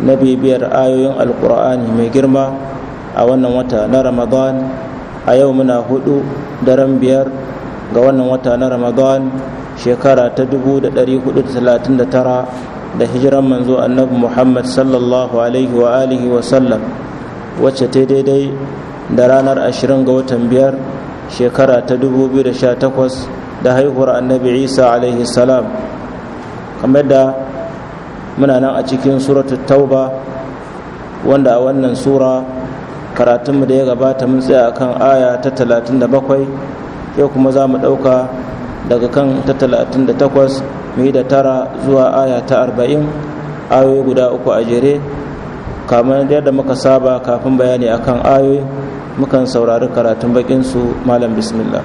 na bibiyar ayoyin alkur'ani mai girma a wannan wata na ramadan a yau muna hudu daren biyar ga wannan wata na ramadan shekara ta 439 da hijiran manzo annabi muhammad sallallahu alaihi wa alihi wa sallam wacce ta daidai da ranar 20 ga watan biyar shekara ta 2018 da haihuwar annabi isa alaihi salam kamar da muna nan a cikin suratu tauba wanda a wannan sura karatunmu da ya gabata mun tsaya kan aya ta talatin da bakwai yau kuma za mu ɗauka daga kan ta talatin da takwas mu yi da tara zuwa aya ta arba'in ayoyi guda uku a jere kamar yadda muka saba kafin bayani akan ayoyi mukan saurari karatun bakinsu malam bismillah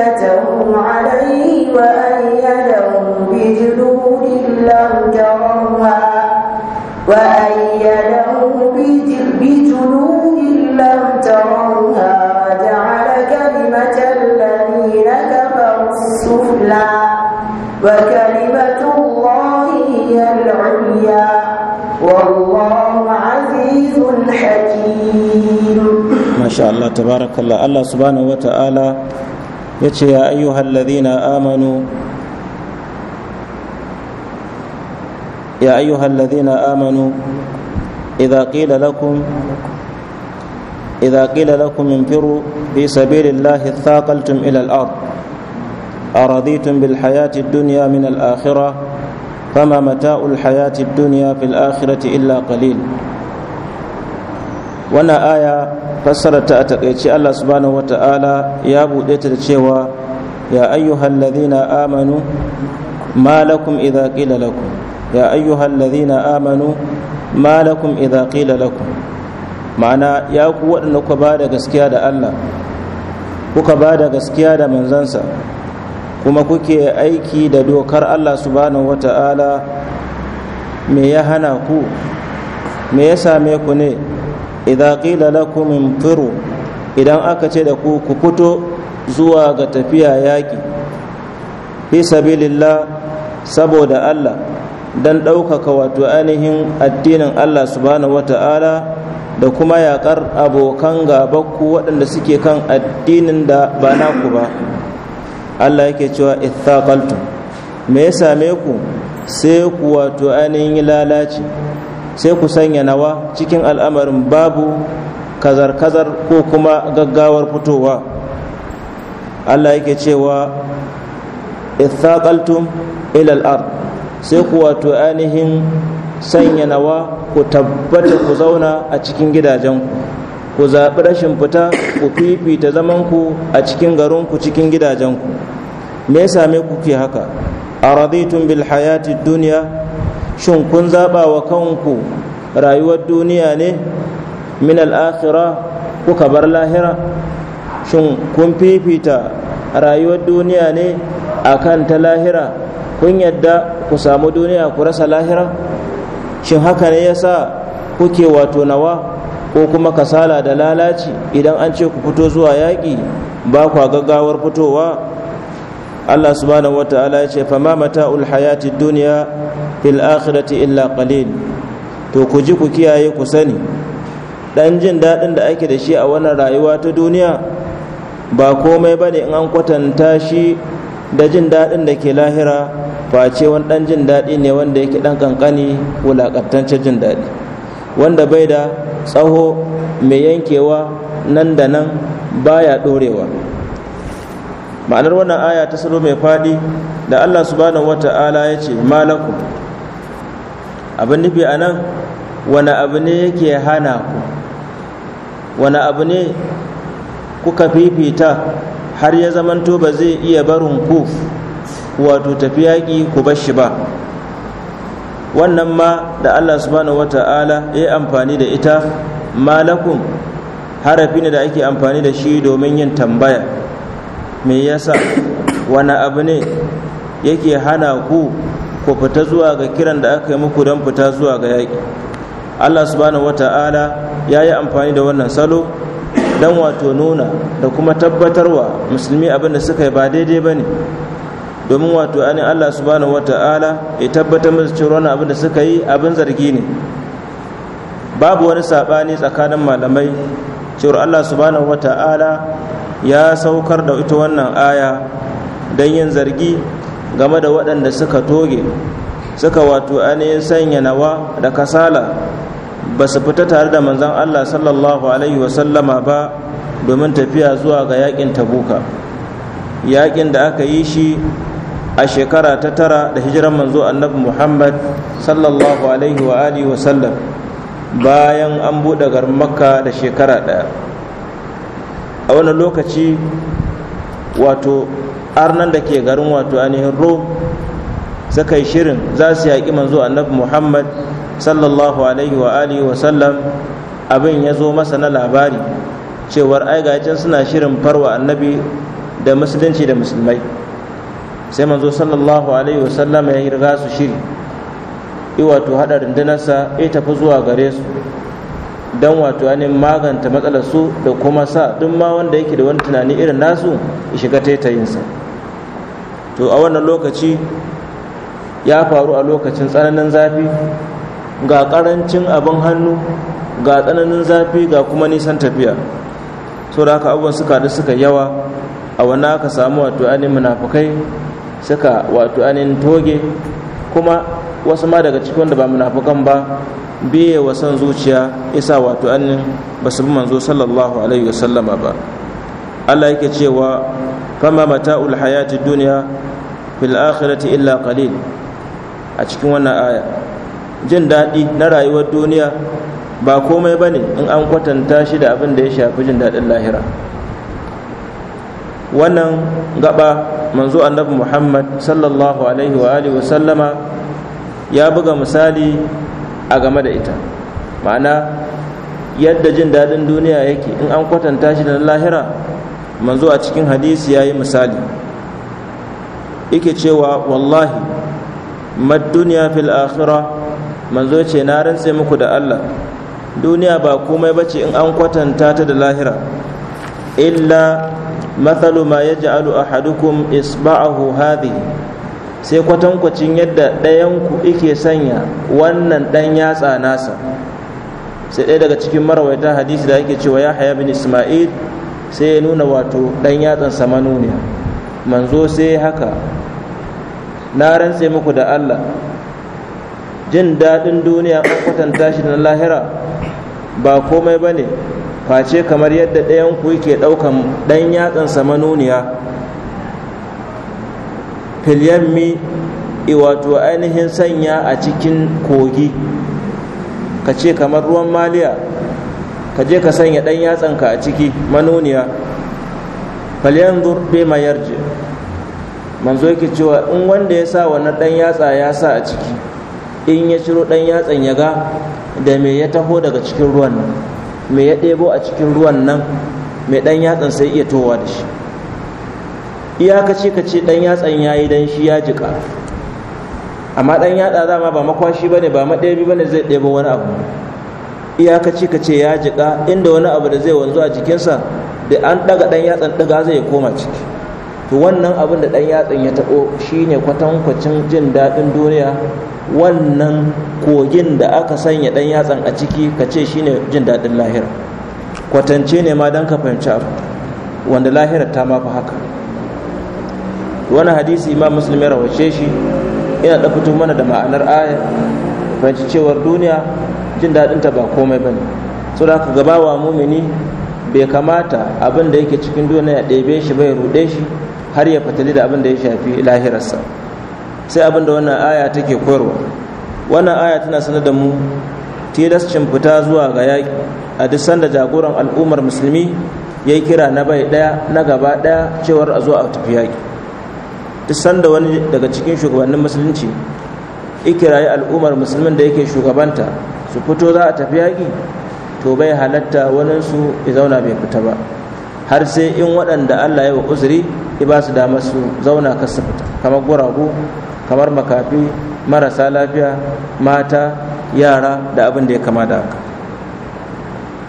زينتهم عليه وأيدهم بجنود لم تروها وأيدهم بجنود لم تروها وجعل كلمة الذين كفروا السفلى وكلمة الله هي العليا والله عزيز حكيم ما شاء الله تبارك الله الله سبحانه وتعالى yace ya ayyuhal ladina amanu ya ayyuhal ladina amanu idza qila lakum infiru fi sabilillahi thaqaltum ila al-ard أرضيتم بالحياة الدنيا من الآخرة فما متاع الحياة الدنيا في الآخرة إلا قليل وانا آية fassara ta a takaice Allah subhanahu ta'ala ya buɗe ta da cewa ya ayyuhan Ladina amanu ma lakum idza qila lakum ya ayyuhan Ladina amanu ma lakum idza qila lakum ma'ana ya ku waɗanda ku ba da gaskiya da Allah kuka ba da gaskiya da manzansa kuma kuke aiki da dokar Allah subhanahu ta'ala me ya hana ku me ya same ku ne idza qila lakum imtiru idan aka ce da ku ku fito zuwa ga tafiya yaƙi fi sabilillah saboda Allah dan ɗaukaka wato ainihin addinin Allah subhanahu wata'ala da kuma yaƙar abokan gabakku waɗanda suke kan addinin da ba naku ba Allah yake cewa ittaqaltum me ya same ku sai ku wato ainihin lalaci sai ku sanya nawa cikin al'amarin babu kazar-kazar ko kuma gaggawar fitowa allah yake cewa ithaqaltum ilal ard sai ku wato ainihin sanya nawa ku tabbata ku zauna a cikin gidajenku ku zaɓi rashin fita ku fifita zamanku a cikin garinku cikin gidajenku me ya same ku haka a bil hayati duniya shin kun zaɓa wa kanku rayuwar duniya ne min al'akhira kuka bar lahira shin kun fifita rayuwar duniya ne a kan ta lahira kun yadda ku samu duniya ku rasa lahira shin haka ne ya sa kuke wato nawa ko kuma kasala da lalaci idan an ce ku fito zuwa yaƙi ba kwa gaggawar fitowa Allah subhanahu ta'ala ya ce fama mata'ul hayati duniya, fil akhirati illa qalil to ku ji ku kiyaye ku sani dan jin daɗin da ake da shi a wannan rayuwa ta duniya ba komai ba ne in an kwatanta shi da jin daɗin da ke lahira face wani ɗan jin daɗi ne wanda yake ɗan ƙanƙani wulaƙantancin jin daɗi wanda bai da tsaho mai yankewa nan da nan baya ɗorewa ma'anar wannan aya ta salo mai faɗi da allah subhanahu wata'ala ya ce malakum abin nufi a nan wani abu ne yake hana ku wani abu ne kuka fifita har ya zamanto ba zai iya barin ku wato tafi yaƙi ku bar shi ba wannan ma da allah subhanahu ta'ala ya amfani da ita malakum harafi ne da ake amfani da shi domin yin tambaya me yasa wani abu ne yake hana ku ku fita zuwa ga kiran da aka yi muku don fita zuwa ga yaƙi allah subhanahu ta'ala ya yi amfani da wannan salo don wato nuna da kuma tabbatarwa musulmi abin da suka yi ba daidai ba ne domin wato anin allah subhanahu ta'ala ya tabbatar musu cewa wannan abin da suka yi abin zargi ne babu wani saɓani tsakanin malamai cewar allah subhanahu ta'ala. ya saukar da ita wannan aya don yin zargi game da waɗanda suka toge suka wato ainihin sanya nawa da kasala ba su fita tare da manzan Allah sallallahu alaihi wasallama ba domin tafiya zuwa ga yakin tabuka yakin da aka yi shi a shekara ta tara da hijiran manzo annabi muhammad sallallahu alaihi wa bayan an buɗe garin makka da shekara ɗaya a wani lokaci wato arnan da ke garin wato ainihin rom suka yi shirin za su yaƙi manzo annabi muhammad sallallahu alaihi wa alihi wa sallam abin ya zo masa na labari cewar ai suna shirin farwa annabi da musulunci da musulmai sai manzo sallallahu alaihi wa sallam ya riga su shiri iwato haɗa rundunarsa ya tafi zuwa gare su don wato yanin maganta matsalar su da kuma sa duk ma wanda yake da wani tunani irin nasu ya shiga taitayinsa to a wannan lokaci ya faru a lokacin tsananin zafi ga karancin abin hannu ga tsananin zafi ga kuma nisan tafiya so da haka abubuwan suka da suka yawa a wani aka samu wato ainihin munafukai suka wato ainihin toge kuma wasu ma daga cikin wanda ba munafukan ba biye wa san zuciya isa wato annin ba su manzo sallallahu alaihi wasallama ba Allah yake cewa fama mata'ul hayati duniya fil akhirati illa qalil a cikin wannan aya jin daɗi na rayuwar duniya ba komai ba ne in an kwatanta shi da abin da ya shafi jin daɗin lahira wannan gaba manzo annabi muhammad sallallahu alaihi wa alihi ya buga misali a game da ita ma'ana yadda jin daɗin duniya yake in an kwatanta shi da lahira manzo a cikin hadisi ya yi misali yake cewa wallahi mad duniya fil akhira manzo ce na rantse muku da Allah duniya ba komai bace in an kwatanta ta da lahira illa mathalu ma yaj'alu ahadukum isba'ahu hadhihi sai kwatankwacin yadda ɗayanku ike sanya wannan ɗan yatsa nasa sai ɗaya daga cikin marawaita hadisi da ake cewa ya haya bin isma'il sai ya nuna wato ɗan yatsan ne manzo sai haka na rantse muku da allah jin daɗin duniya an kwatanta shi na lahira ba komai ba ne face kamar yadda ɗayanku yake ɗaukan ɗan yatsan samanuniya filyammi wato ainihin sanya a cikin kogi ka ce kamar ruwan maliya ka je ka sanya ɗan yatsanka a ciki manoniya falyanzur bai ma yarje manzo yake cewa in wanda ya sa wannan ɗan yatsa ya sa a ciki in ya ciro ɗan yatsan ya ga da me ya taho daga cikin ruwan nan me ya ɗebo a cikin ruwan nan mai ɗan yatsan sai iya towa da shi Iya ka ce dan yatsan yayi dan shi ya jika amma dan yatsa zama ba makwashi bane ba ba bane zai ɗebo wani abu Iya ka ce ya jika inda wani abu da zai wanzu a jikinsa da an daga dan yatsan daga zai koma ciki to wannan abin da dan yatsan ya taɓo shine kwatankwacin jin daɗin duniya wannan kogin da aka sanya dan yatsan a ciki ka ce shine jin daɗin lahira kwatance ne ma don ka fahimci abu wanda lahira ta ma fi haka wani hadisi imam muslim ya rawace shi ina da fito mana da ma'anar aya fahimci cewar duniya jin daɗinta ba komai ba ne so da haka gabawa mumini bai kamata abin da yake cikin duniya ya ɗebe shi bai ruɗe shi har ya fatali da abin da ya shafi lahirarsa sai abin da wannan aya take koyarwa wannan aya tana sanar da mu tilascin fita zuwa ga yaƙi a duk sanda jagoran al'ummar musulmi ya kira na bai ɗaya na gaba ɗaya cewar a zo a tafi yaƙi duk da wani daga cikin shugabannin musulunci ikirayi al'ummar musulmin da yake shugabanta su fito za a tafi yaƙi to bai halatta waninsu ya zauna bai fita ba har sai in waɗanda allah ya wa uzuri ya ba su damar su zauna kar su fita kamar guragu kamar makafi marasa lafiya mata yara da abin da ya kama da haka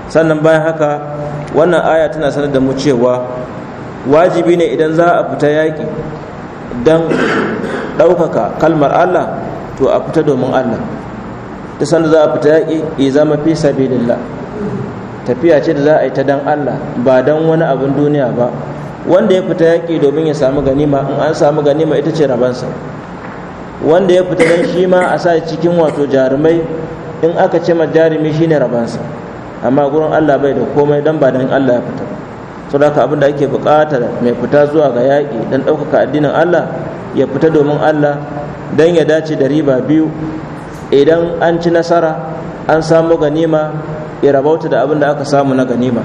sannan bayan haka wannan aya tana sanar da mu cewa wajibi ne idan za a fita yaƙi don ɗaukaka kalmar Allah to a fita domin Allah ta sanda za a fita yaƙi ya zama fi sabilillah tafiya ce da za a yi ta dan Allah ba dan wani abin duniya ba wanda ya fita yaƙi domin ya samu ganima in an samu ganima ita ce rabansa wanda ya fita dan shi ma a sa cikin wato jarumai in aka ce ma jarumi shine rabansa amma gurin Allah bai da komai dan ba dan Allah ya fita saboda abin da ake bukata mai fita zuwa ga yaƙi don ɗaukaka addinin Allah ya fita domin Allah don ya dace da riba biyu idan an ci nasara an samu ganima ya rabauta da abin da aka samu na ganima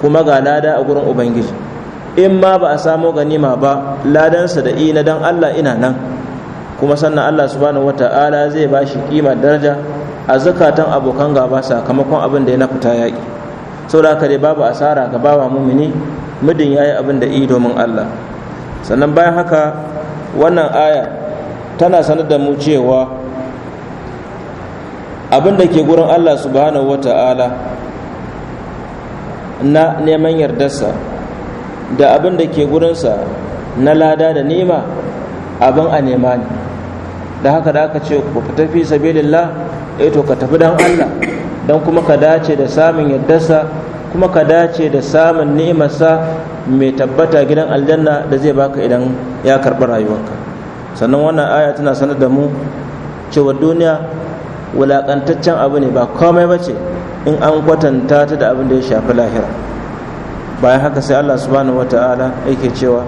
kuma ga lada a gurin ubangiji in ma ba a samu ganima ba ladansa da ina don Allah ina nan kuma sannan Allah subhanahu wata'ala zai bashi shi kima daraja a zakatan abokan gaba sakamakon abin da ya na fita yaƙi saboda ka dai babu asara ga bawa mumini mudin yayi abin da i domin Allah sannan bayan haka wannan aya tana sanar da mu cewa abin da ke gurin Allah subhanahu wata'ala na neman yardarsa da abin da ke gurinsa na lada da nima, abin a nema ne da haka da aka ce ku tafi sabilillah eh to ka tafi dan Allah don kuma ka dace da samun sa kuma ka dace da samun ni'imarsa mai tabbata gidan aljanna da zai baka idan ya karɓi rayuwarka sannan wannan aya tana sanar da mu cewa duniya wulaƙantaccen abu ne ba komai ba ce in an kwatanta ta da abin da ya shafi lahira bayan haka sai allah subhanahu wata'ala yake cewa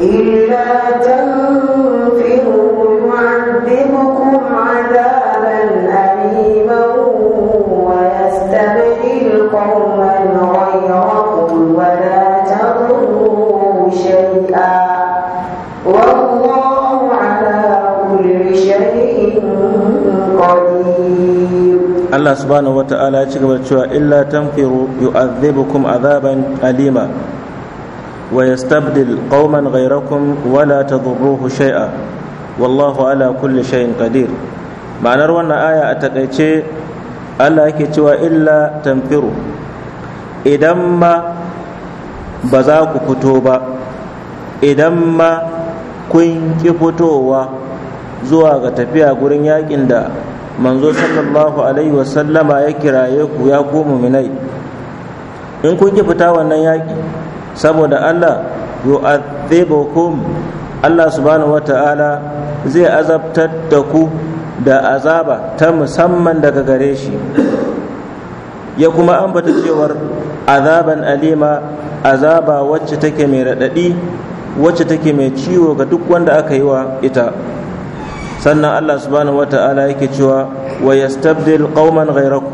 إلا تنفروا Allah subhanahu ta'ala ya ci gaba cewa illa tanfiru yu'adhibukum azaban alima wa yastabdil qauman ghayrakum wa la tadurruhu shay'a wallahu ala kulli shay'in qadir ma'anar wannan aya a takaice Allah yake cewa illa tanfiru idan ma ba za ku fito ba idan ma kun ki fitowa zuwa ga tafiya gurin yakin da manzo sallallahu alaihi wasallama ya kiraye ku ya ku muminai in kun ki fita wannan yaƙi saboda Allah yu'adhibukum Allah subhanahu wata'ala zai azabtar da ku da azaba ta musamman daga gare shi ya kuma ambata cewar azaban alima azaba wacce take mai raɗaɗi wacce take mai ciwo ga duk wanda aka yi wa ita sannan Allah subhanahu wata'ala yake cewa wa yastabdil qauman ghayrakum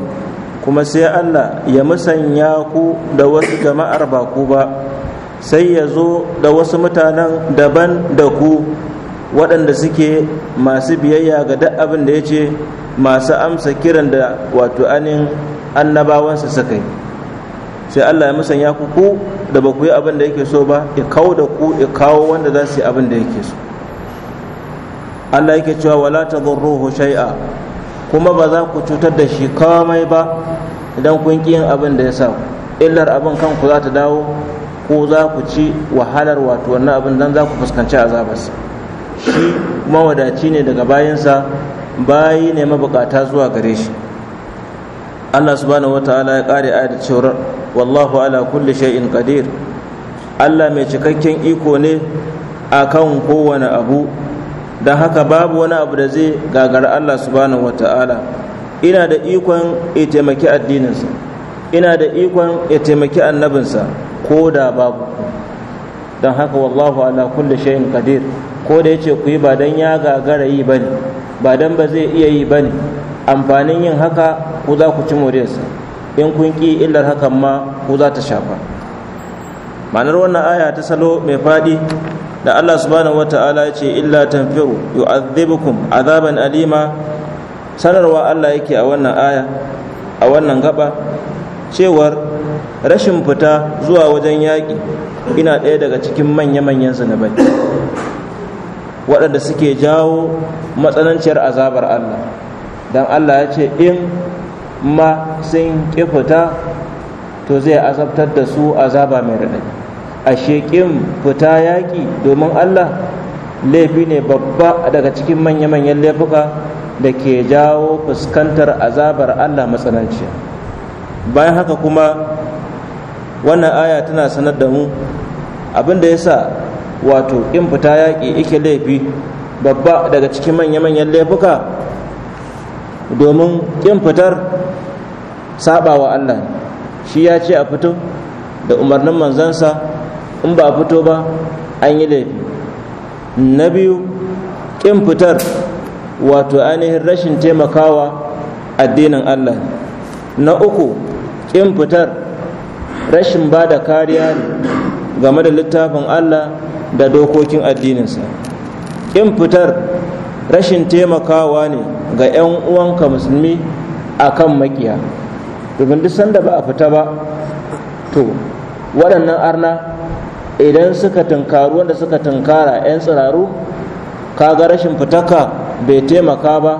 kuma sai Allah ya musanya ku da wasu jama'ar ba ku ba sai ya zo da wasu mutanen daban da ku waɗanda suke masu biyayya ga duk abin da ya ce masu amsa kiran da wato anin annabawansa suka yi sai Allah ya musanya ku ku da ba ku yi abin da yake so ba ya kawo da ku ya kawo wanda za su yi abin da yake so Allah yake cewa wala ta tadurruhu shai'a. kuma ba za ku cutar da shi kamai ba idan kun ƙi yin abin da ya sa illar abin kanku za ta dawo ko za ku ci wahalar wato wannan abin dan za ku fuskanci azabas. shi mawadaci ne daga bayansa bayi ne mabukata zuwa gare shi Allah subhanahu wataala ya kare ayat cewa wallahu ala kulli shay'in qadir Allah mai cikakken iko ne akan kowane abu don haka babu wani abu da zai gagara Allah subhanahu ta'ala ina da ikon ya taimaki addininsa ina da ikon ya taimaki annabinsa ko da babu don haka wallahu ala kulli shayin kadir. ko da yace ku yi ba dan ya gagara yi ba ne, ba dan ba zai iya yi ba ne, amfanin yin haka ku za ku ci moriyarsa in kun ki illar hakan ma ku za ta shafa ma'anar wannan aya ta salo mai faɗi da Allah subhanahu wata'ala ya ce illa tanfiru yu'adhibukum azaban alima sanarwa Allah yake a wannan aya a wannan gaba cewar rashin fita zuwa wajen yaƙi ina ɗaya daga cikin manya-manyan zunubai waɗanda suke jawo matsananciyar azabar Allah don Allah ya ce in ma sun ƙi fita to zai azabtar da su azaba mai raɗaɗi ashe ƙin fita yaƙi domin Allah laifi ne babba daga cikin manya-manyan laifuka da ke jawo fuskantar azabar Allah matsananci bayan haka kuma wannan aya tana sanar da mu abin da ya sa wato ƙin fita yaƙi ike laifi babba daga cikin manya-manyan laifuka domin ƙin fitar saba wa Allah shi ya ce a fito da umarnin manzansa in ba fito ba an yi laifi na biyu ƙin fitar wato ainihin rashin taimakawa addinin allah na uku ƙin fitar rashin ba da kariya game da littafin allah da dokokin addininsa ƙin fitar rashin taimakawa ne ga 'yan uwanka musulmi a kan makiya domin duk sanda ba a fita ba to waɗannan arna idan suka tunkaru wanda suka tunkara 'yan tsiraru kaga rashin fitaka bai taimaka ba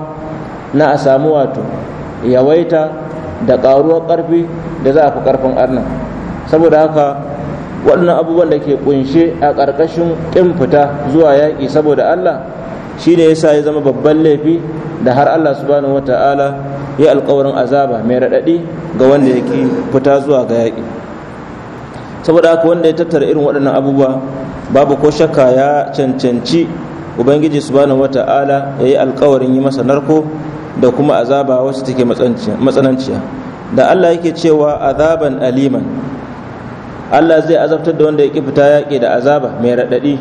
na a samu wato yawaita da ƙaruwar ƙarfi da za a fi karfin arna saboda haka waɗannan abubuwan da ke kunshe a ƙarƙashin ƙin fita zuwa yaƙi saboda allah shi ne yasa ya zama babban laifi da har allah subhanahu wata'ala ya alƙawarin azaba mai raɗaɗi ga wanda ya fita zuwa ga yaƙi saboda haka wanda ya tattara irin waɗannan abubuwa babu ko shakka ya cancanci ubangiji subhanahu wata'ala ya yi alkawarin yi masa narko da kuma azaba wacce take matsananciya da allah yake cewa azaban aliman allah zai azabtar da wanda ya ƙi fita yaƙi da azaba mai raɗaɗi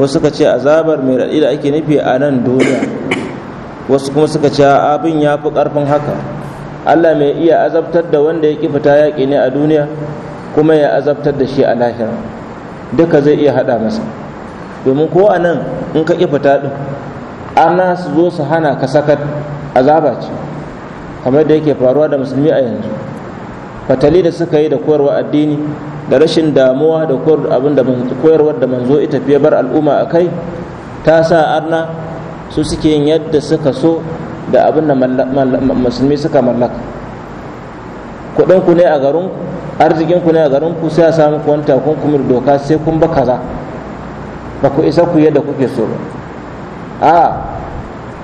wasu suka ce azabar mai raɗaɗi da ake nufi a nan duniya wasu kuma suka ce abin ya fi ƙarfin haka allah mai iya azabtar da wanda ya ƙi fita yaƙi ne a duniya kuma ya azabtar da shi a lahira duka zai iya haɗa masa domin ko a nan in ka ƙi fita ɗin ana su zo su hana ka sakar azaba ce kamar da yake faruwa da musulmi a yanzu fatali da suka yi da koyarwa addini da rashin damuwa da koyarwar da manzo ita fiye bar al'umma a kai ta sa arna su suke yin yadda suka so da abin da musulmi suka mallaka kuɗinku ne a garinku arzikin ku ne a garin ku sai a samu ku wani kuma doka sai kun ba kaza ba ku isa ku yadda kuke so ba a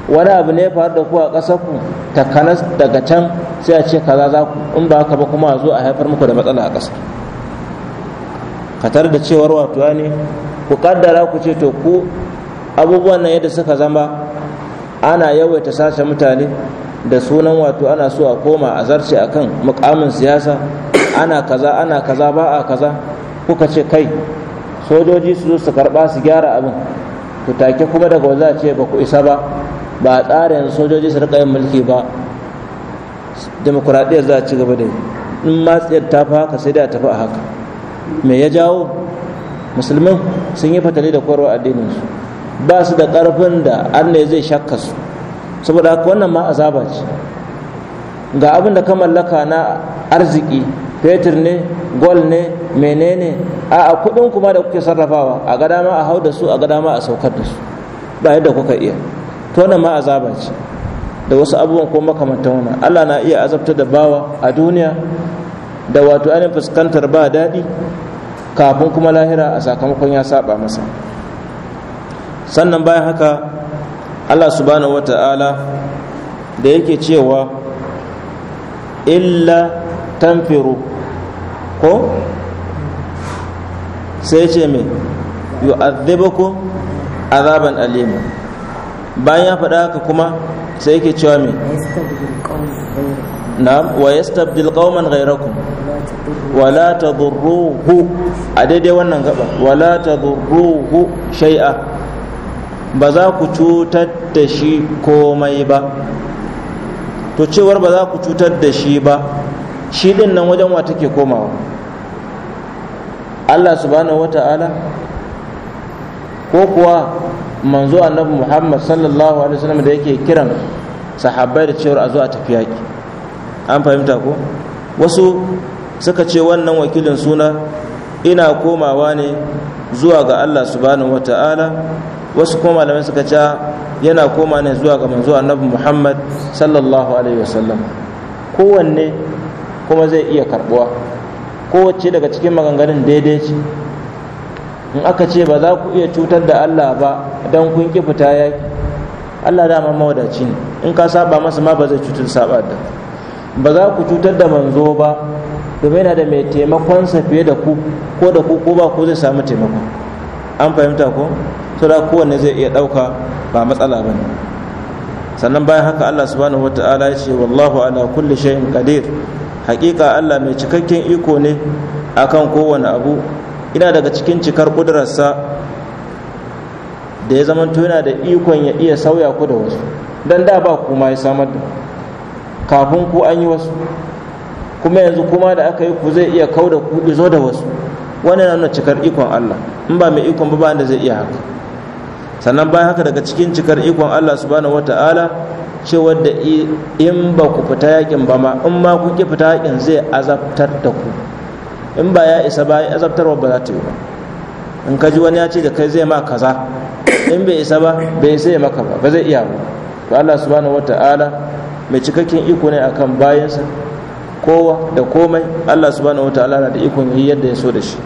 wani abu ne faru da ku a ƙasar ku takanas daga can sai a ce kaza za ku in ba haka ba kuma a zo a haifar muku da matsala a ƙasa katar da cewar wato ne ku kaddara ku ce to ku abubuwan nan yadda suka zama ana yawaita sace mutane da sunan wato ana so a koma a zarce akan mukamin siyasa ana kaza ana kaza ba a kaza kuka ce kai sojoji su zo su karba su gyara abin ku take kuma daga wanda a ce ba ku isa ba ba a tsara yanzu sojoji su rika yin mulki ba demokuraɗiyyar za a ci gaba da yi in matsiyar ta fi haka sai da tafi a haka me ya jawo musulmin sun yi fatali da koyarwa addininsu ba su da ƙarfin da allah zai shakka su saboda haka wannan ma azaba ce ga abin da ka mallaka na arziki fetur ne gol ne menene a a kuɗin kuma da kuke sarrafawa a gada ma a hau da su a gada ma a saukar da su ba yadda kuka iya to wannan ma azaba ce da wasu abubuwan ko makamantan wannan Allah na iya azabta da bawa a duniya da wato ainihin fuskantar ba daɗi kafin kuma lahira a sakamakon ya saba masa sannan bayan haka Allah subhanahu wata'ala da yake cewa illa tanfiru ko sai ce mai yu'adhibukum azaban alima bayan ya faɗa haka kuma sai yake cewa mai na wa yastabdil qauman gairaku? wala tadurruhu a daidai wannan gaba wala tadurruhu shai'a. ba za ku cutar da shi komai ba to cewar ba za ku cutar da shi ba shi din nan wajen wa take komawa Allah subhanahu ta'ala? ko kuwa manzo annabi Muhammad sallallahu alaihi wasallam da yake kiran sahabbai da cewar a zo a tafi yaki an fahimta ko wasu suka ce wannan wakilin suna ina komawa ne zuwa ga Allah subhanahu ta'ala, wasu kuma malamai suka ce yana koma ne zuwa ga manzo annabi Muhammad sallallahu alaihi wasallam kowanne kuma zai iya karbuwa kowace daga cikin maganganun daidai ce in aka ce ba za ku iya cutar da Allah ba don kun ki fita yaki Allah dama mawadaci ne in ka saba masa ma ba zai cutar saba da ba za ku cutar da manzo ba domin yana da mai taimakonsa fiye da ku ko da ku ko ba ku zai samu taimako an fahimta ko to da kowanne zai iya ɗauka ba matsala ba ne sannan bayan haka Allah subhanahu ta'ala ya ce wallahu ala kulli shay'in qadir hakika Allah mai cikakken iko ne akan kowane abu ina daga cikin cikar kudurarsa da ya zama yana da ikon ya iya sauya ku da wasu don da ba kuma ya samar da kafin ku an yi wasu kuma yanzu kuma da aka yi ku zai iya kau da ku izo da wasu wani na nuna cikar ikon Allah in ba mai ikon ba ba da zai iya haka sannan bayan haka daga cikin cikar ikon Allah subhanahu wata'ala cewar da in ba ku fita yakin ba ma in ma kun ki fita yakin zai azabtar da ku in ba ya isa ba azabtarwa ba za ta yi ba in ka ji wani ya ce da kai zai ma kaza in bai isa ba bai sai maka ba ba zai iya ba to Allah subhanahu wata'ala mai cikakken iko ne akan bayansa kowa da komai Allah subhanahu wata'ala na da ikon yi yadda ya so da shi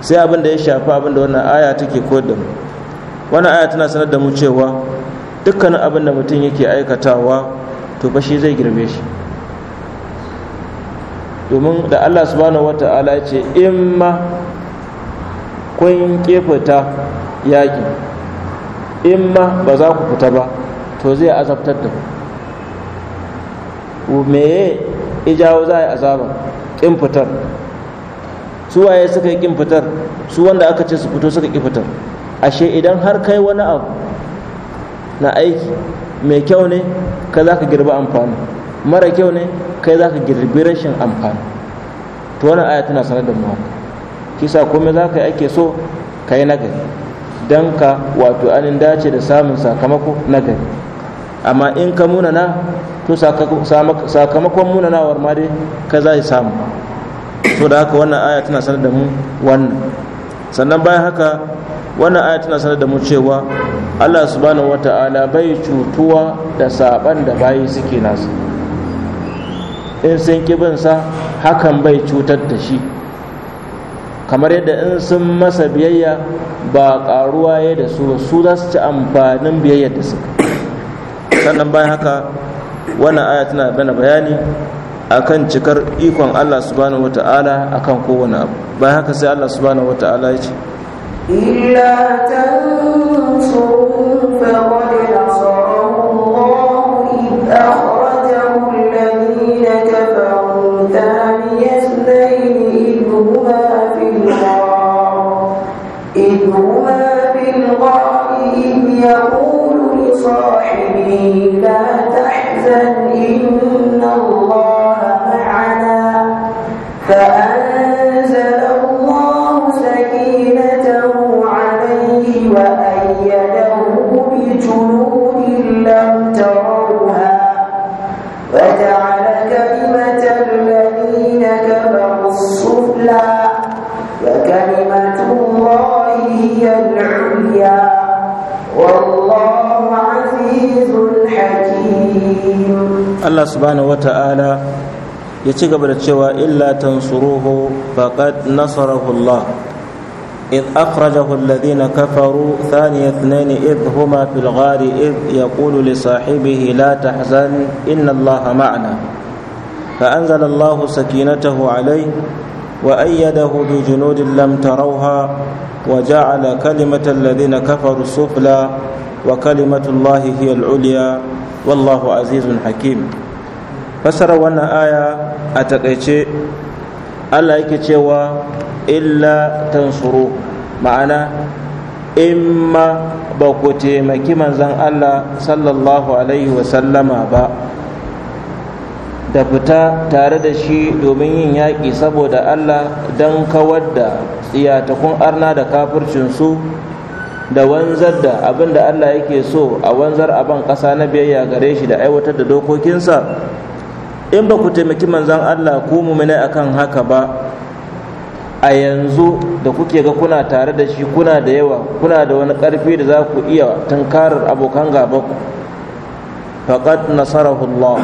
sai abin da ya shafi abin da wannan aya take koyar da mu wannan aya tana sanar da mu cewa dukkanin abin da mutum yake aikatawa to ba shi zai girbe shi domin da Allah subhanahu wata'ala ce in ma kun kefata yaƙi in ma ba za ku fita ba to zai azabtar da ku meye ijawo za a yi azaba ƙin fitar su waye suka yi ƙin fitar su wanda aka ce su fito suka ƙi fitar ashe idan har kai wani abu na aiki mai kyau ne kai za ka girbi amfani mara kyau ne kai za ka girbi rashin amfani to wannan aya tana sanar da mu haka kisa komai za ka yi ake so ka yi nagari don ka wato anin dace da samun sakamako nagari amma in ka munana to sakamakon munanawar ma dai ka za samu to da haka wannan aya tana sanar da mu wannan sannan bayan haka wannan aya tana sanar da mu cewa Allah subhanahu wata'ala bai cutuwa da saban da bayi suke nasu in sun bin sa hakan bai cutar da shi kamar yadda in sun masa biyayya ba ƙaruwa ya da su su za su ci amfanin biyayya da suka sannan bayan haka wannan aya tana bana bayani akan cikar ikon Allah subhanahu wata'ala akan kowane abu bayan haka sai Allah subhanahu wata'ala ya ce رسول فقد Allah subhanahu wata'ala ya ci gaba da cewa illa tansuruhu faqad nasarahu Allah إذ أخرجه الذين كفروا ثاني اثنين إذ هما في الغار إذ يقول لصاحبه لا تحزن إن الله معنا فأنزل الله سكينته عليه وأيده بجنود لم تروها وجعل كلمة الذين كفروا السفلى وكلمة الله هي العليا wallahu azizun hakim fasara wannan aya a takaice allah yake cewa illa tansuru ma'ana imma ba ku taimaki manzan allah sallallahu alaihi wasallama ba da fita tare da shi domin yin yaƙi saboda allah don kawar da tsiyatakun arna da kafircinsu da wanzar da abin da Allah yake so a wanzar ban ƙasa na biyayya gare shi da aiwatar da dokokinsa in ba ku taimaki manzan Allah ku mumina kan haka ba a yanzu da kuke ga kuna tare da shi kuna da yawa kuna da wani ƙarfi da za ku iya tunkarar abokan gabanku faqad nasarar Allah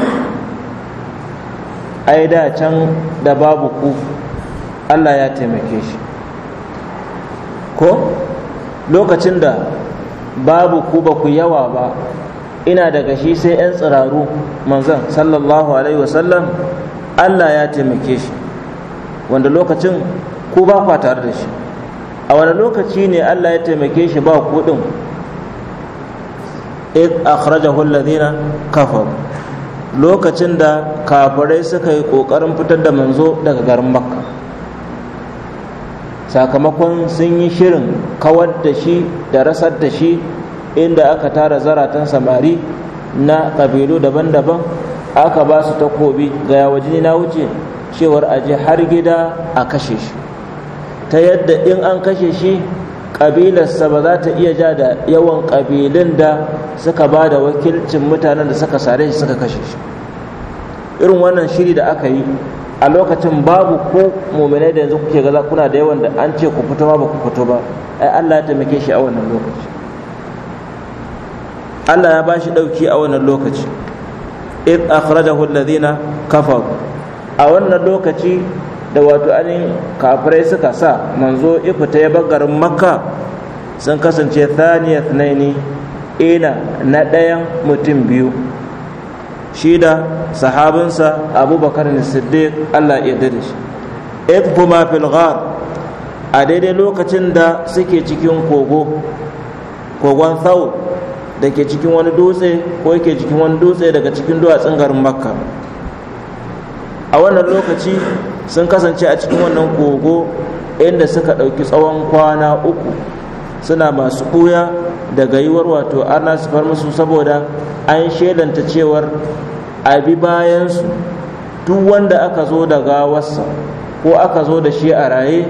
ai da can da babu ku Allah ya taimake shi ko lokacin da babu ku ba ku yawa ba ina daga shi sai 'yan tsiraru manzan sallallahu alaihi wasallam allah ya taimake shi wanda lokacin ku ba kwa tare da shi a wani lokaci ne allah ya taimake shi ba ku din id kafaru lokacin da kafirai suka yi ƙoƙarin fitar da manzo daga garin makka sakamakon sun yi shirin kawar da shi da rasar da shi inda aka tara zaratan samari na ƙabilu daban-daban aka ba su takobi ga waje na wuce cewar aje har gida a kashe shi ta yadda in an kashe shi ƙabilarsa ba za ta iya ja da yawan ƙabilun da suka ba da wakilcin mutanen da suka sare shi suka kashe shi irin wannan shiri da aka yi a lokacin babu ko muminai da yanzu kuke gaza kuna da yawan da an ce ku fito ba ku fito ba ai Allah ya taimake shi a wannan lokaci Allah ya bashi dauki a wannan lokaci id akhrajahu alladhina kafaru a wannan lokaci da wato anin kafirai suka sa manzo ifita ya bagarin makka sun kasance thaniya thnaini ina na ɗayan mutum biyu shi da sahabinsa abubakar siddiq allah ya da shi id kuma fil a daidai lokacin da suke cikin kogo kogon thau da ke cikin wani dutse ko yake cikin wani dutse daga cikin duwatsun garin makka a wannan lokaci sun kasance a cikin wannan kogo inda suka ɗauki tsawon kwana uku suna masu ɓuya daga yiwuwar wato ana su far musu saboda an shaidanta cewar a bi bayansu duk wanda aka zo da gawarsa ko aka zo da shi a raye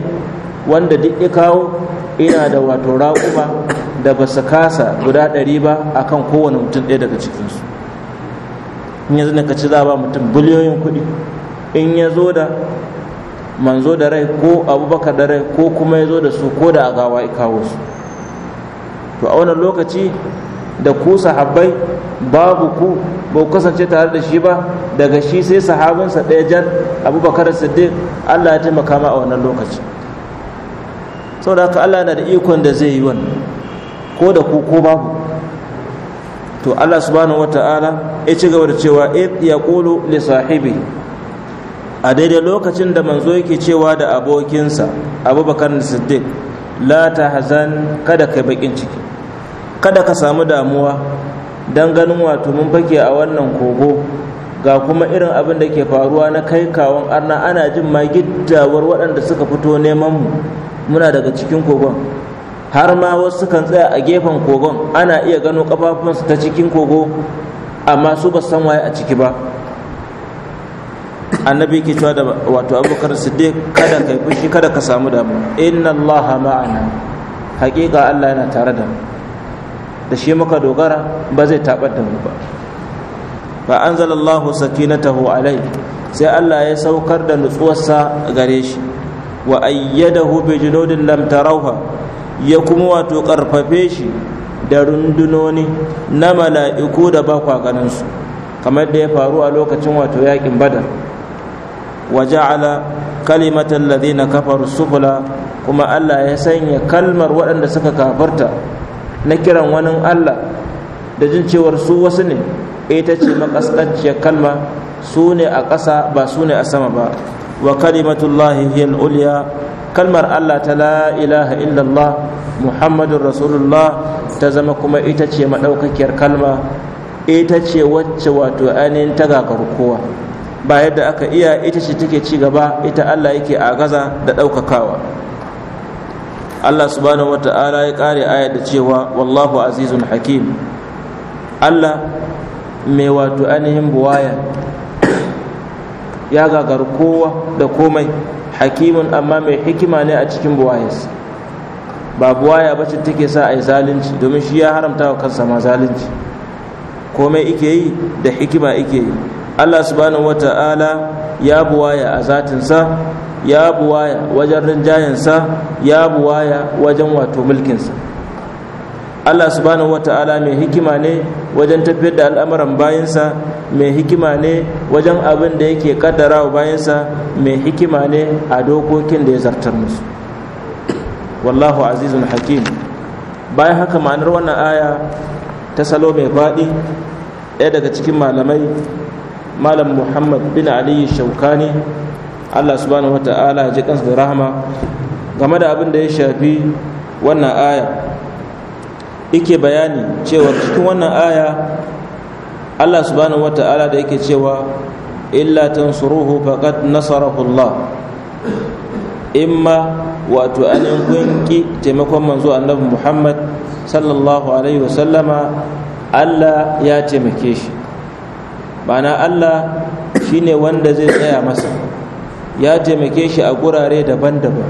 wanda duk ya kawo ina da wato raƙuma da ba su kasa guda ɗari ba a kan kowane mutum ɗaya daga cikinsu in yanzu ka ci za ba mutum biliyoyin kuɗi in ya zo da manzo da rai ko abubakar da rai ko kuma ya zo da su ko da a gawa ya kawo su to a wannan lokaci da ku sahabbai babu ku ba ku kasance tare da shi ba daga shi sai sahabinsa ɗaya jan abubakar siddiq allah ya taimaka ma a wannan lokaci saboda haka allah na da ikon da zai yi wannan ko da ku ko babu to allah subhanahu wata'ala ya ci gaba da cewa ya kulu li sahibi a daidai lokacin da manzo yake cewa da abokinsa abubakar siddiq la hazan kada kai bakin ciki kada ka samu damuwa dan ganin wato mun fake a wannan kogo ga kuma irin abin da ke faruwa na kai kawon arna ana jin ma giddawar waɗanda suka fito neman mu muna daga cikin kogon har ma wasu kan tsaya a gefen kogon ana iya gano kafafunsu ta cikin kogo amma su ba san waye a ciki ba annabi ke cewa da wato abubakar siddiq kada ka yi fushi kada ka samu damu inna allaha ma'ana haƙiƙa allah yana tare da mu da shi muka dogara ba zai taɓar da mu ba fa na sakinatahu alai sai allah ya saukar da nutsuwarsa gare shi wa ayyadahu bi junudin lam ya kuma wato karfafe shi da rundunoni na mala'iku da bakwa ganin su kamar da ya faru a lokacin wato yakin badar wa ja'ala kalimatal ladina kafaru sufla kuma Allah ya sanya kalmar waɗanda suka kafarta na kiran wani Allah da jin cewar su wasu ne ita ce makaskaciyar kalma su ne a ƙasa ba su ne a sama ba wa kalimatullahi hiyal ulya kalmar Allah ta la ilaha illallah muhammadun rasulullah ta zama kuma ita ce maɗaukakiyar kalma ita ce wacce wato ainihin ta gagaru kowa ba yadda aka iya ita ce take ci gaba ita Allah yake agaza da ɗaukakawa Allah subhanahu wata'ala ya ƙare ayar da cewa wallahu azizun hakim Allah mai wato ainihin buwaya ya gagar kowa da komai hakimun amma mai hikima ne a cikin buwayarsa ba buwaya ba ce take sa a yi zalunci domin shi ya haramta wa kansa ma zalunci komai ike yi da hikima ike yi Allah subhanahu ta'ala ya buwaya a zatinsa ya buwaya wajen rinjayensa ya buwaya wajen wato mulkinsa Allah subhanahu ta'ala mai hikima ne wajen tafiyar da al'amuran bayansa mai hikima ne wajen abin da yake kaddara wa bayansa mai hikima ne a dokokin da ya zartar musu wallahu azizun hakim bayan haka ma'anar wannan aya ta salo mai faɗi ɗaya daga cikin malamai malam muhammad bin aliyu shaukani allah subhanahu wa ta'ala ji kansa da rahama game da abin da ya shafi wannan aya yake bayani cewa cikin wannan aya allah subhanahu wa ta'ala da yake cewa illa tansuruhu faqad nasarahu allah imma wato anin kunki taimakon manzo annabi muhammad sallallahu alaihi wasallama allah ya taimake shi ma'ana Allah shine wanda zai tsaya masa ya taimake shi a gurare daban-daban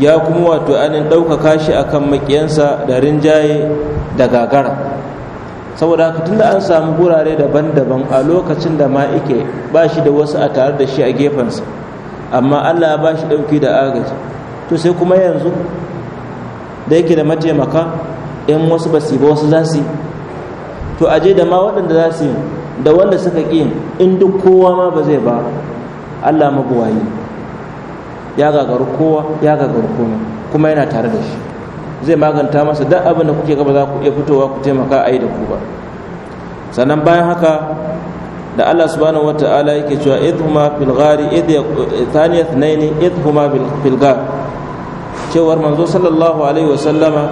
ya kuma wato anin ɗaukaka shi a kan makiyansa da rinjaye da gagara saboda haka da an samu gurare daban-daban a lokacin da ma ike ba shi da wasu a tare da shi a gefensa amma allah ya ba shi ɗauki da agaji to sai kuma yanzu da yake da mataimaka in wasu ba su ba wasu za su yi to aje da ma waɗanda za su yi da wanda suka ƙi in duk kowa ma ba zai ba Allah mabuwayi ya gagaru kowa ya gagaru kuma yana tare da shi zai maganta masa duk abin da kuke gaba za ku iya fitowa ku taimaka a yi da ku ba sannan bayan haka da Allah subhanahu wa ta'ala yake cewa idhuma fil ghari thaniya thnaini idhuma fil cewar manzo sallallahu alaihi wa sallama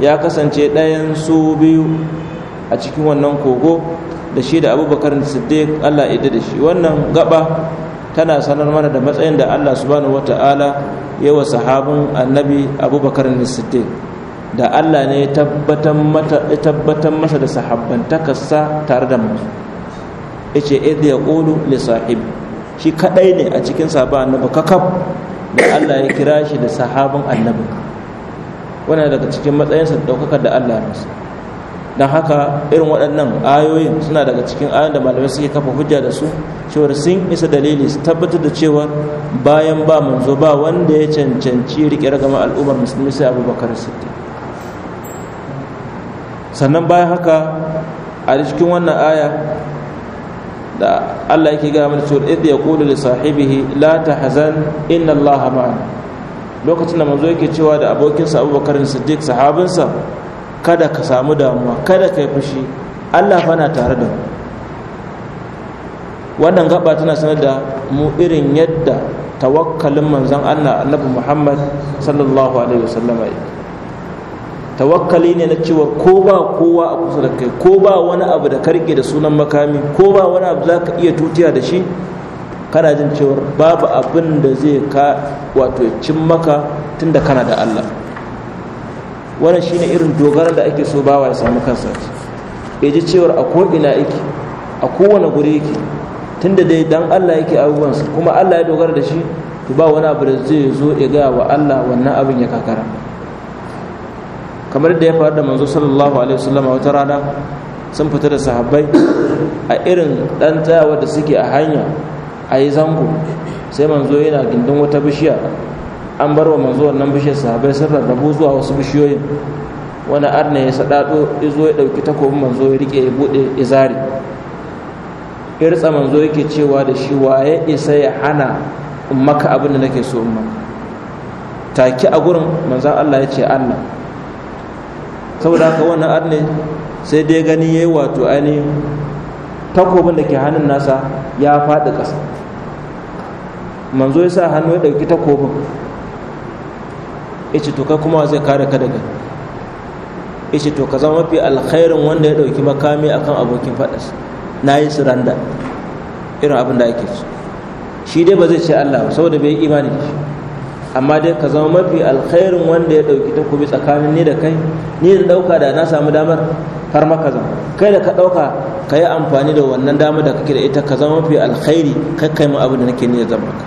ya kasance ɗayan su biyu a cikin wannan kogo da shi da abubakar siddiq allah ya da shi wannan gaba tana sanar mana da matsayin da allah subhanahu ta'ala ya wa sahabin annabi abubakar siddiq da allah ne ya tabbatar masa da sahabbantakarsa tare da mu ya ce idh yaqulu li sahib shi kaɗai ne a cikin sahabban annabi kakab da allah ya kira shi da sahabin annabi wannan daga cikin matsayinsa da ɗaukakar da allah ya don haka irin waɗannan ayoyin suna daga cikin ayoyin da malamai suke kafa hujja da su cewar sun isa dalili su tabbatar da cewa bayan ba manzo ba wanda ya cancanci riƙe ragama al'ummar musulmi sai abubakar siddiq sannan bayan haka a cikin wannan aya da Allah yake gaya mana cewa ya yaqulu li sahibihi la tahzan inna allaha ma'ana lokacin da manzo yake cewa da abokinsa abubakar siddiq sahabinsa kada ka samu damuwa kada ka yi fushi allah fana tare da mu wannan gaba tana sanar da mu irin yadda tawakkalin manzon allah annabi muhammad sallallahu alaihi wasallam tawakkali ne na cewa ko ba kowa a kusa da kai ko ba wani abu da karke da sunan makami ko ba wani abu za ka iya tutiya da shi kana jin cewa babu abin da zai ka wato cin maka tunda kana da allah wannan shine irin dogaran da ake so bawa ya samu kansa ya ji cewar a ko'ina yake a kowane guri yake tunda dai dan Allah yake abubuwansa kuma Allah ya dogara da shi to ba wani abu da zai zo ya gaya wa Allah wannan abin ya kakara kamar da ya faru da manzo sallallahu alaihi wasallam wata rana sun fita da sahabbai a irin dan tsayawa da suke a hanya a yi zango sai manzo yana gindin wata bishiya an bar wa manzo wannan bishiyar sahabai sun rarrabu zuwa wasu bishiyoyin wani arna ya sadado ya zo ya ɗauki takobin manzo ya rike ya buɗe izari zare irtsa manzo yake cewa da shi waye isa ya hana in maka abin da nake so in maka take a gurin manzan Allah ya ce Allah saboda haka wannan arne sai dai gani yayi wato ainihin takobin da ke hannun nasa ya faɗi ƙasa manzo ya sa hannu ya ɗauki takobin Ice ce to kai kuma zai kare ka daga ya ce to ka zama mafi alkhairin wanda ya ɗauki makami akan abokin faɗas na yi suranda irin abin da ake so shi dai ba zai ce Allah ba saboda bai imani da shi amma dai ka zama mafi alkhairin wanda ya ɗauki takobi tsakanin ni da kai ni da ɗauka da na samu damar har maka zama kai da ka ɗauka ka yi amfani da wannan damar da kake da ita ka zama mafi alkhairi kai kai mu abin da nake ni da zama ka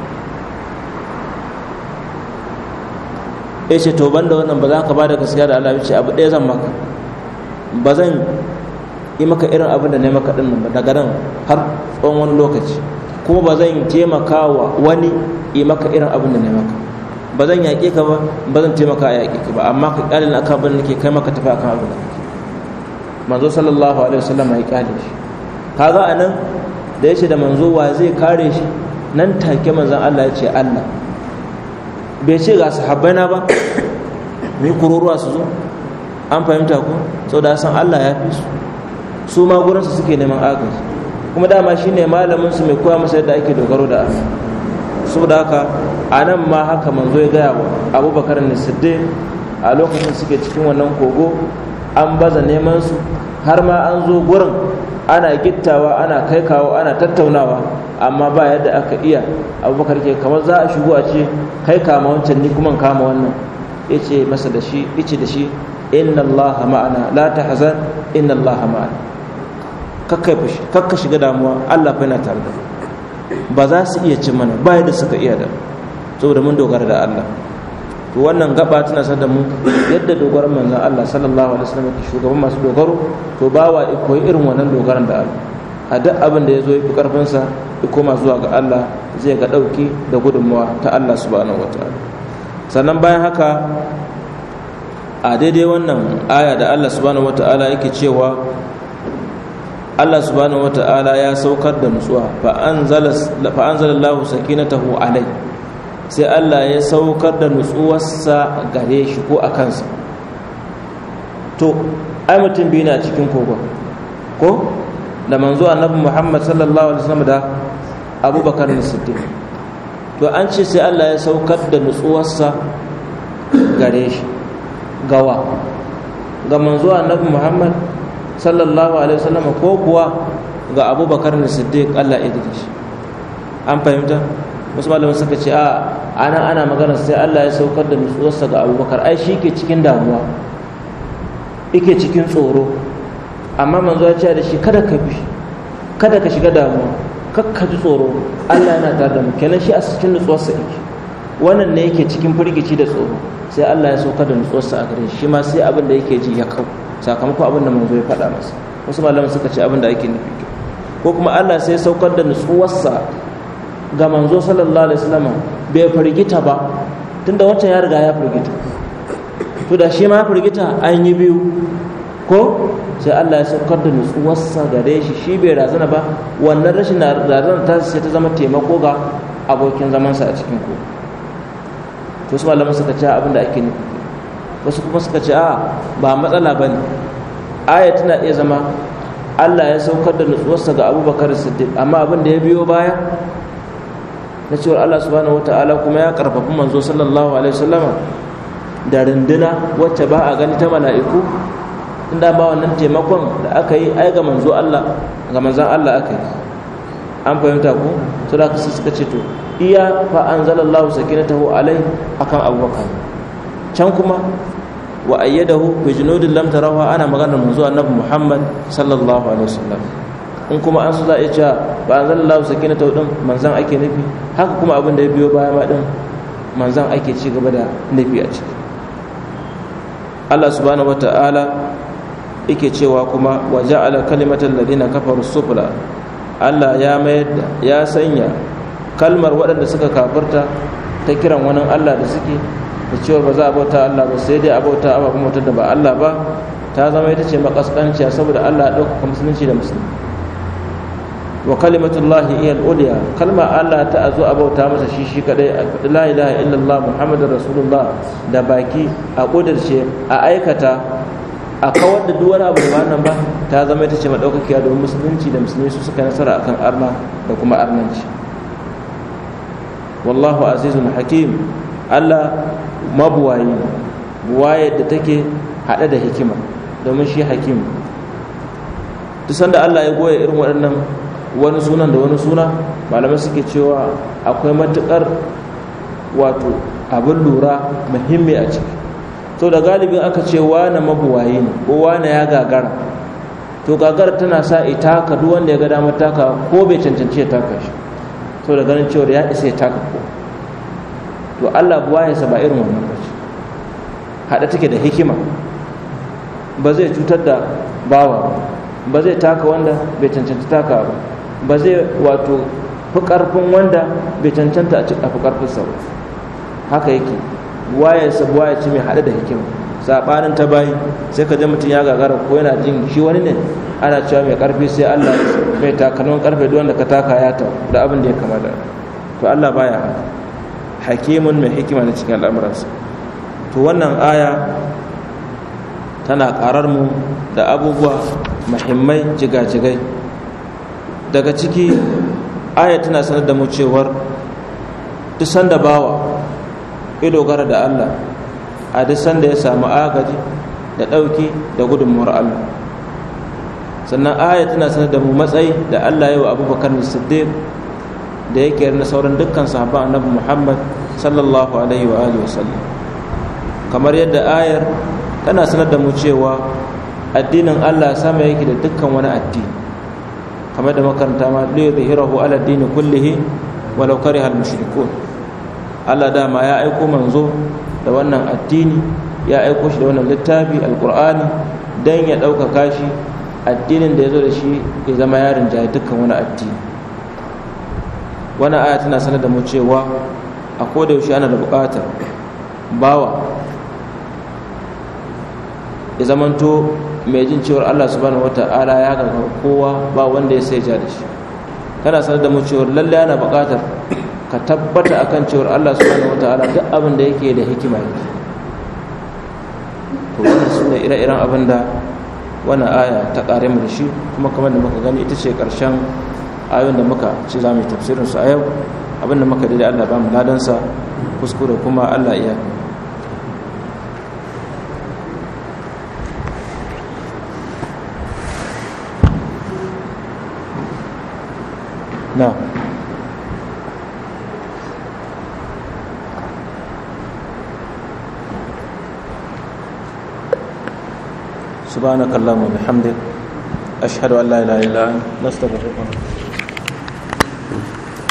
ya ce to banda wannan ba za ka ba da gaskiya da Allah ce abu ɗaya zan maka ba zan yi maka irin abin da na maka ɗin nan ba daga nan har tsawon wani lokaci kuma ba zan taimaka wa wani yi maka irin abin da na maka ba zan yaƙe ka ba ba zan taimaka a yaƙe ka ba amma ka ƙyale na akan abin da ke kai maka tafi akan abin da kake manzo sallallahu alaihi wasallam ya ƙyale shi kaga anan da yace da manzo wa zai kare shi nan take manzon Allah ya ce Allah bai ce ga sahabbai na ba mai kururuwa su zo an fahimta ko sau da san allah ya fi su su ma gurinsu suke neman agaji kuma dama shine malamin su mai koya masa yadda ake dogaro da su da haka a nan ma haka manzo ya gaya wa abubakar ne sidde a lokacin suke cikin wannan kogo an baza neman su har ma an zo gurin ana gittawa ana kai kawo ana tattaunawa amma ba yadda aka iya abubakar ke kamar za a shigo a ce kai kama wancan ni kuma kama wannan yace masa da shi yace da shi inna allaha ma'ana la tahzan inna allaha ma'ana kakkai fushi kakka shiga damuwa Allah fa yana tare da ba za su iya cin mana ba yadda suka iya da saboda mun dogara da Allah to wannan gaba tana sa da mu yadda dogaran manzon Allah sallallahu alaihi wasallam ke shugaban masu dogaro to ba wa koyi irin wannan dogaran da Allah a duk abin da ya zo ya karfin sa ya koma zuwa ga Allah zai ga dauki da gudunmawa ta Allah subhanahu wataala sannan bayan haka a daidai wannan aya da Allah subhanahu wataala yake cewa Allah subhanahu wataala ya saukar da nutsuwa fa anzala fa anzala Allahu sakinatahu alai sai Allah ya saukar da nutsuwarsa gare shi ko a kansa to ai mutum biyu na cikin kogon ko da manzo annabi Muhammad sallallahu alaihi wasallam da Abubakar Siddiq to an ce sai Allah ya saukar da nutsuwarsa gare shi gawa ga manzo annabi Muhammad sallallahu alaihi wasallam ko kuwa ga Abubakar Siddiq Allah ya shi an fahimta wasu malamin suka ce a ana ana magana sai Allah ya saukar da nutsuwarsa ga abubakar ai shi ke cikin damuwa yake cikin tsoro amma manzo ya ce da shi kada ka bi kada ka shiga damuwa kakka ji tsoro Allah yana tare da mu kenan shi a cikin nutsuwarsa yake wannan ne yake cikin firgici da tsoro sai Allah ya saukar da nutsuwarsa a gare shi ma sai abin da yake ji ya kau sakamakon abin da manzo ya faɗa masa wasu malaman suka ce abin da ake nufi ko kuma Allah sai saukar da nutsuwarsa ga manzo sallallahu alaihi wasallam bai firgita ba tunda wancan ya riga ya firgita to da shi ma ya firgita an yi biyu ko sai Allah ya saukar da nutsuwarsa gare shi shi bai razana ba wannan rashin razana ta sai ta zama taimako ga abokin zamansa a cikin ku to su malaman suka ce abin da ake nufi wasu kuma suka ce a ba matsala ba ne aya tana iya zama Allah ya saukar da nutsuwarsa ga abubakar siddiq amma abin da ya biyo baya na cewar Allah subhanahu ta'ala kuma ya karfafi manzo sallallahu alaihi wasallam da runduna wacce ba a gani ta mala'iku inda ba wannan taimakon da aka yi ai ga manzo Allah ga manzon Allah aka yi an fahimta ku to da kasu suka ce to iya fa anzalallahu sakinatahu alai akan abubakar can kuma wa ayyadahu bi junudin lam tarawha ana maganar manzo annabi Muhammad sallallahu alaihi wasallam in kuma an su za a iya cewa ba a zan lahu sakina ta hudun manzan ake nufi haka kuma abin da ya biyo baya ma din manzan ake ci gaba da nufi a ciki Allah subhanahu wata'ala yake cewa kuma wa ja'ala kalimatal ladina kafaru sufla Allah ya mayar ya sanya kalmar waɗanda suka kafirta ta kiran wani Allah da suke da cewa ba za a bauta Allah ba sai dai a bauta ababen mutum da ba Allah ba ta zama ita ce makaskanciya saboda Allah ya ɗaukaka musulunci da musulmi wa kalimatullahi iya al'uliya kalma Allah ta azo a bauta masa shi shi kadai a faɗi la ilaha illallah muhammadun rasulullah da baki a ƙudurce a aikata a kawar da duwara bai da nan ba ta zama ita ce maɗaukakiya domin musulunci da musulmi su suka nasara akan arna da kuma arnanci wallahu azizun hakim Allah mabuwayi buwaye da take haɗe da hikima domin shi hakim duk sanda Allah ya goya irin waɗannan wani sunan da wani suna malamai suke cewa akwai matukar wato abin lura muhimmi a ciki to da galibin aka ce wane mabuwaye ne ko wane ya gagara to gagara tana sa ita ka duk wanda ya ga damar taka ko bai cancanci ya taka shi to da ganin cewa ya isa ya taka ko to Allah buwa ya ba irin wannan ba hada take da hikima ba zai cutar da bawa ba zai taka wanda bai cancanci taka ba ba zai wato fi karfin wanda bai cancanta a cikin fi karfin ba haka yake waye sabuwa waye ce mai hada da hikima saɓanin ta bayi sai ka ji mutum ya gagara ko yana jin shi wani ne ana cewa mai ƙarfi sai allah mai takalmin ƙarfe duk wanda ka taka ya ta da abin da ya kamata to allah baya haka hakimun mai hikima na cikin al'amuransa to wannan aya tana karar mu da abubuwa muhimmai jigajigai daga ciki aya tana sanar da mu cewar duk sanda bawa ya dogara da Allah a duk sanda ya samu agaji da ɗauki da gudunmuwar Allah sannan aya tana sanar da mu matsayi da Allah ya wa abubakar siddiq da yake na sauran dukkan sahabban annabi Muhammad sallallahu alaihi wa alihi wasallam kamar yadda ayar tana sanar da mu cewa addinin Allah sama yake da dukkan wani addini kamar da makaranta ma li yuzhirahu ala dini kullihi walau kariha al-mushrikun Allah dama ya aiko manzo da wannan addini ya aiko shi da wannan littafi alqur'ani dan ya ɗaukaka shi addinin da ya zo da shi ya zama yarin jaye dukkan wani addini wannan aya tana sanar da mu cewa a kodayaushe ana da buƙatar bawa ya zamanto mai jin cewar Allah subhanahu wata'ala ya gaga kowa ba wanda ya sai ja da shi kana sanar da mu cewar lalle ana buƙatar ka tabbata a kan cewar Allah subhanahu wata'ala duk abin da yake da hikima yake to wannan ne ire-iren abin da wani aya ta ƙare mu da shi kuma kamar da muka gani ita ce ƙarshen ayon da muka ci za mu yi tafsirinsu a yau abin da muka daidai Allah ba mu ladansa kuskure kuma Allah iya نعم سبحانك اللهم وبحمدك أشهد أن لا إله إلا أنت نستغفرك